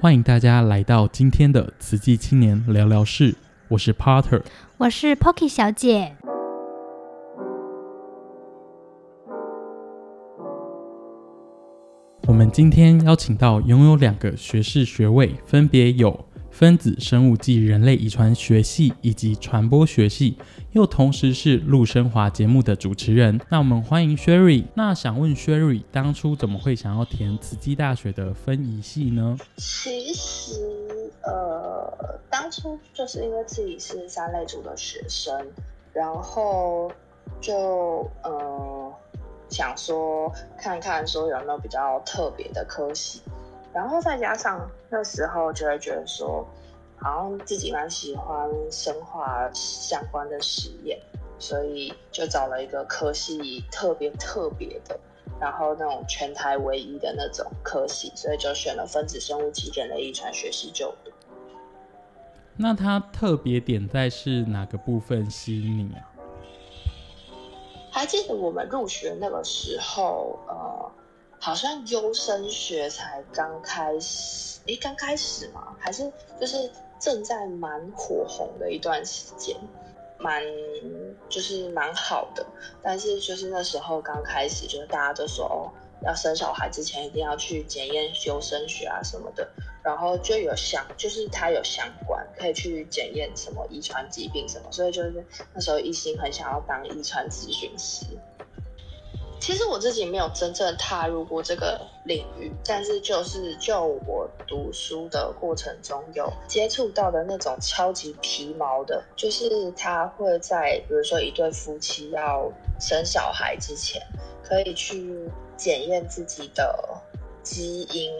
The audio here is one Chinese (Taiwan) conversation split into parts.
歡迎大家來到今天的《慈濟青年聊聊室》，我是 Potter，我是 Poki 小姐。我們今天邀請到擁有兩個學士學位，分別有，分子生物暨人類遺傳學系以及傳播學系，又同時是陸生華節目的主持人。那我們歡迎 Sherry。那想問 Sherry，當初怎麼會想要填慈濟大學的分遺系呢？其實，呃，當初就是因為自己是三類組的學生，然後就呃，想說看看說有沒有比較特別的科系。然後再加上那時候就會覺得說，好像自己蠻喜歡生化相關的實驗，所以就找了一個科系特別特別的，然後那種全台唯一的那種科系，所以就選了分子生物體的遺傳學系就讀。那它特別點在是哪個部分吸引你啊？還記得我們入學那個時候，呃。好像優生學才剛開始，誒，剛開始嘛，還是就是正在蠻火紅的一段時間，蠻就是蠻好的。但是就是那時候剛開始，就是大家都說哦，要生小孩之前一定要去檢驗優生學啊什麼的，然後就有想，就是他有相關可以去檢驗什麼遺傳疾病什麼，所以就是那時候一心很想要當遺傳諮詢師。其實我自己沒有真正踏入過這個領域，但是就是就我讀書的過程中有接觸到的那種超級皮毛的，就是他會在比如說一對夫妻要生小孩之前，可以去檢驗自己的基因，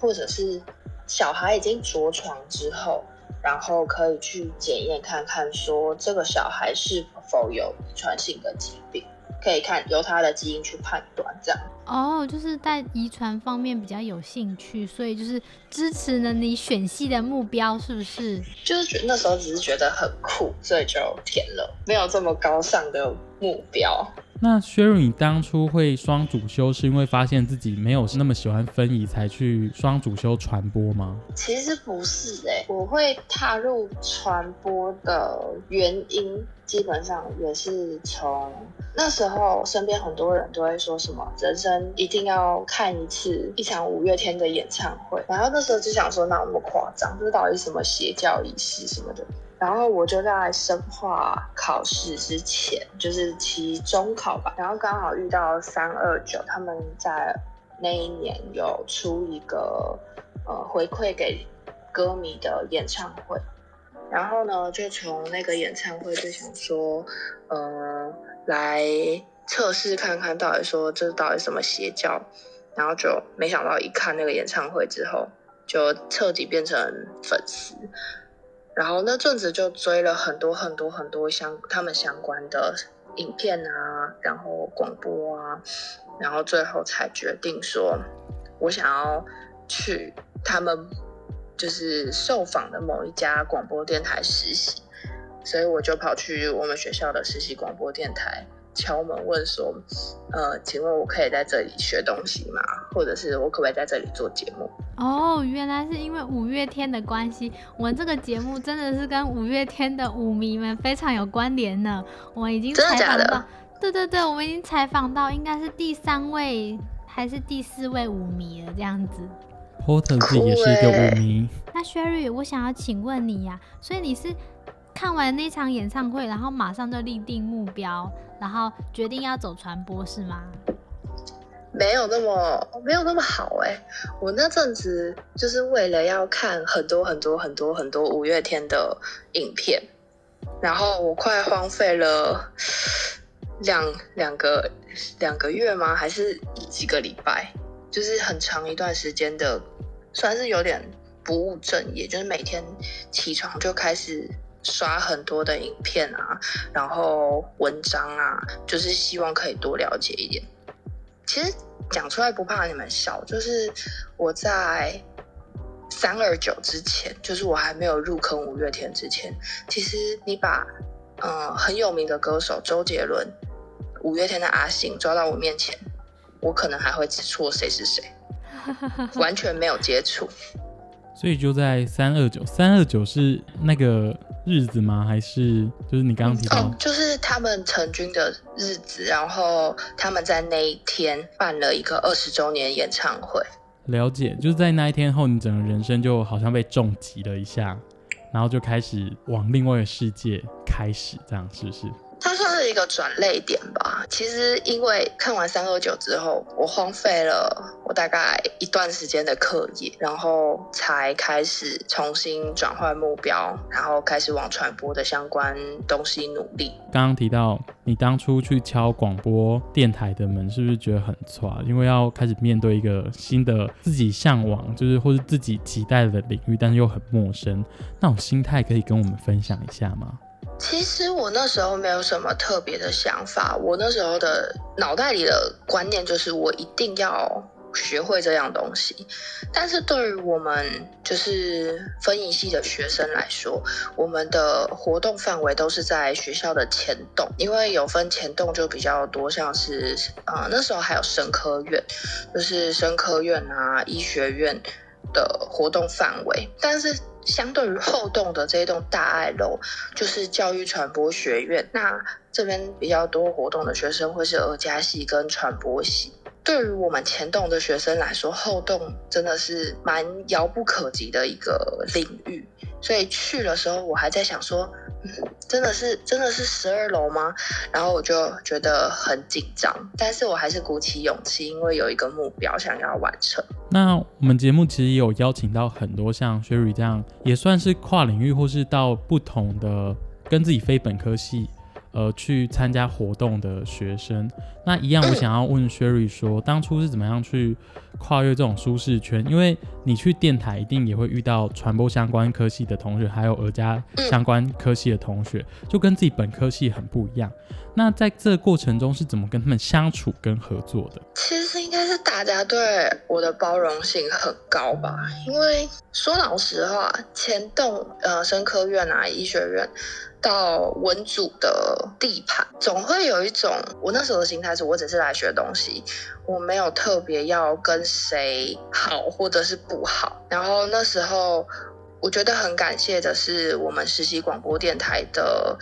或者是小孩已經着床之後，然後可以去檢驗看看說這個小孩是否有遺傳性的疾病。可以看由他的基因去判斷。這樣哦，oh, 就是在遺傳方面比較有興趣，所以就是支持了你選系的目標，是不是？就是覺得那時候只是覺得很酷，所以就填了，沒有這麼高尚的目標。那 Sherry，你當初會雙主修，是因為發現自己沒有那麼喜歡分遺，才去雙主修傳播嗎？其實不是誒、欸，我會踏入傳播的原因，基本上也是從。那時候身邊很多人都會說，什麼人生一定要看一次一場五月天的演唱會，然後那時候就想說那那麼誇張，這是到底什麼邪教儀式什麼的？然後我就在生化考試之前，就是期中考吧，然後剛好遇到三二九，他們在那一年有出一個呃回饋給歌迷的演唱會，然後呢就從那個演唱會就想說，嗯、呃。來測試看看到底說，這到底什麼邪教，然後就沒想到一看那個演唱會之後，就徹底變成粉絲，然後那陣子就追了很多很多很多相他們相關的影片啊，然後廣播啊，然後最後才決定說，我想要去他們就是受訪的某一家廣播電台實習。所以我就跑去我們學校的實習廣播電台敲門問說，呃，請問我可以在這裡學東西嗎？或者是我可不可以在這裡做節目？哦，原來是因為五月天的關係，我們這個節目真的是跟五月天的五迷們非常有關聯呢。我們已經採訪到真的假的？對對對，我們已經採訪到應該是第三位還是第四位五迷了這樣子。Potter 也是一個五迷。那 Sherry，我想要請問你呀，啊，所以你是。看完那場演唱會，然後馬上就立定目標，然後決定要走傳播，是嗎？沒有那麼沒有那麼好哎、欸！我那陣子就是為了要看很多很多很多很多五月天的影片，然後我快荒廢了兩兩個兩個月嗎？還是幾個禮拜？就是很長一段時間的，算是有點不務正業，就是每天起床就開始。刷很多的影片啊，然後文章啊，就是希望可以多了解一點。其實講出來不怕你們笑，就是我在三二九之前，就是我還沒有入坑五月天之前，其實你把嗯、呃、很有名的歌手周杰倫、五月天的阿信抓到我面前，我可能還會指錯誰是誰，完全沒有接觸。所以就在三二九，三二九是那個。日子嗎？還是就是你剛剛提到、哦，就是他們成軍的日子，然後他們在那一天辦了一個二十週年演唱會。了解，就是在那一天後，你整個人生就好像被重擊了一下，然後就開始往另外一個世界開始，這樣是不是？它算是一個轉捩點吧。其實因為看完三二九之後，我荒廢了我大概一段時間的課業，然後才開始重新轉換目標，然後開始往傳播的相關東西努力。剛剛提到你當初去敲廣播電台的門，是不是覺得很挫？因為要開始面對一個新的自己向往，就是或是自己期待的領域，但是又很陌生，那種心態可以跟我們分享一下嗎？其實我那時候沒有什麼特別的想法，我那時候的腦袋裡的觀念就是我一定要學會這樣東西。但是對於我們就是分營系的學生來說，我們的活動範圍都是在學校的前棟，因為有分前棟就比較多，像是啊、呃、那時候還有生科院，就是生科院啊醫學院的活動範圍，但是。相對於後棟的這一棟大愛樓，就是教育傳播學院。那這邊比較多活動的學生，會是兒家系跟傳播系。對於我們前棟的學生來說，後棟真的是蠻遙不可及的一個領域。所以去的時候，我還在想說。嗯、真的是真的是十二樓嗎？然後我就覺得很緊張，但是我還是鼓起勇氣，因為有一個目標想要完成。那我們節目其實也有邀請到很多像 Sherry 這樣，也算是跨領域或是到不同的，跟自己非本科系。呃，去參加活動的學生，那一樣，我想要問、嗯、Sherry 說，當初是怎麼樣去跨越這種舒適圈？因為你去電台，一定也會遇到傳播相關科系的同學，還有兒家相關科系的同學，嗯、就跟自己本科系很不一樣。那在這過程中，是怎麼跟他們相處跟合作的？其實應該是大家對我的包容性很高吧，因為說老實話，前棟呃，生科院啊，醫學院。到文組的地盤，總會有一種，我那時候的心態是，我只是來學東西，我沒有特別要跟誰好或者是不好。然後那時候我覺得很感謝的是，我們實習廣播電台的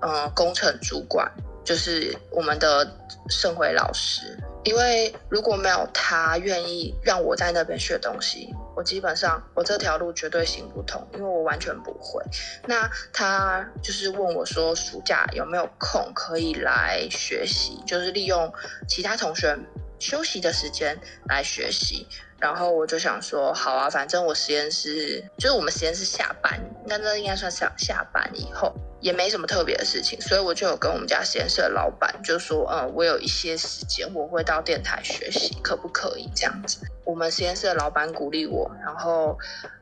嗯、呃、工程主管，就是我們的盛輝老師，因為如果沒有他願意讓我在那邊學東西。我基本上我這條路絕對行不通，因為我完全不會。那他就是問我說，暑假有沒有空可以來學習，就是利用其他同學休息的時間來學習。然後我就想說，好啊，反正我實驗室就是我們實驗室下班，那那應該算是下班以後。也沒什麼特別的事情，所以我就有跟我們家實驗室的老闆就說，嗯，我有一些時間，我會到電台學習，可不可以這樣子？我們實驗室的老闆鼓勵我，然後，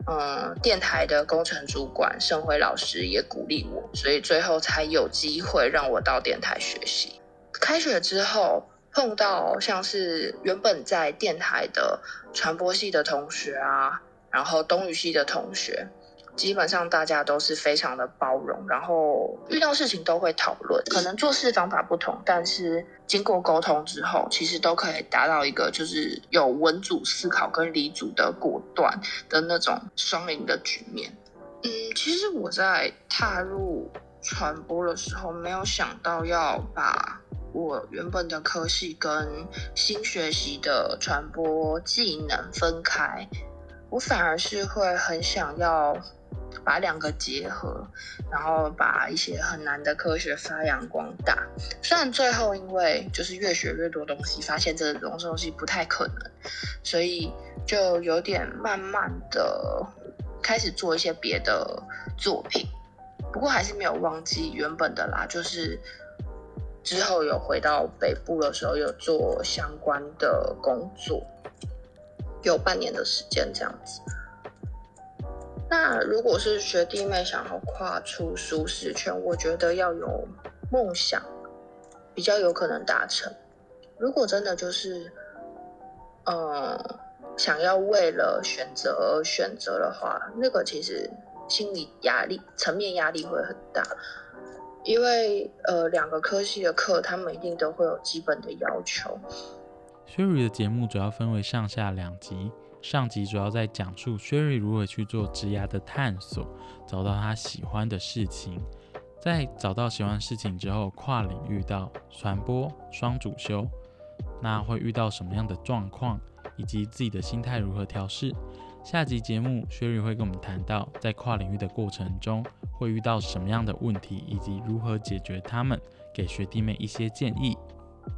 嗯，電台的工程主管盛輝老師也鼓勵我，所以最後才有機會讓我到電台學習。開學之後碰到像是原本在電台的傳播系的同學啊，然後東語系的同學。基本上大家都是非常的包容，然後遇到事情都會討論，可能做事方法不同，但是經過溝通之後，其實都可以達到一個就是有文組思考跟理組的果斷的那種雙贏的局面。嗯，其實我在踏入傳播的時候，沒有想到要把我原本的科系跟新學習的傳播技能分開，我反而是會很想要。把兩個結合，然後把一些很難的科學發揚光大。雖然最後因為就是越學越多東西，發現這種東西不太可能，所以就有點慢慢的開始做一些別的作品。不過還是沒有忘記原本的啦，就是之後有回到北部的時候，有做相關的工作，有半年的時間這樣子。那如果是學弟妹想要跨出舒適圈，我覺得要有夢想，比較有可能達成。如果真的就是，嗯、呃，想要為了選擇而選擇的話，那個其實心理壓力，層面壓力會很大，因為呃兩個科系的課，他們一定都會有基本的要求。Sherry 的節目主要分為上下兩集。上集主要在講述 Sherry 如何去做職涯的探索，找到他喜歡的事情，在找到喜歡事情之後，跨領域到傳播雙主修，那會遇到什麼樣的狀況，以及自己的心態如何調適。下集節目 Sherry 會跟我們談到，在跨領域的過程中會遇到什麼樣的問題，以及如何解決他們，給學弟妹一些建議。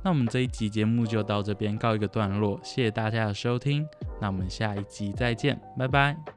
那我們這一集節目就到這邊告一個段落，謝謝大家的收聽。那我們下一集再見，拜拜。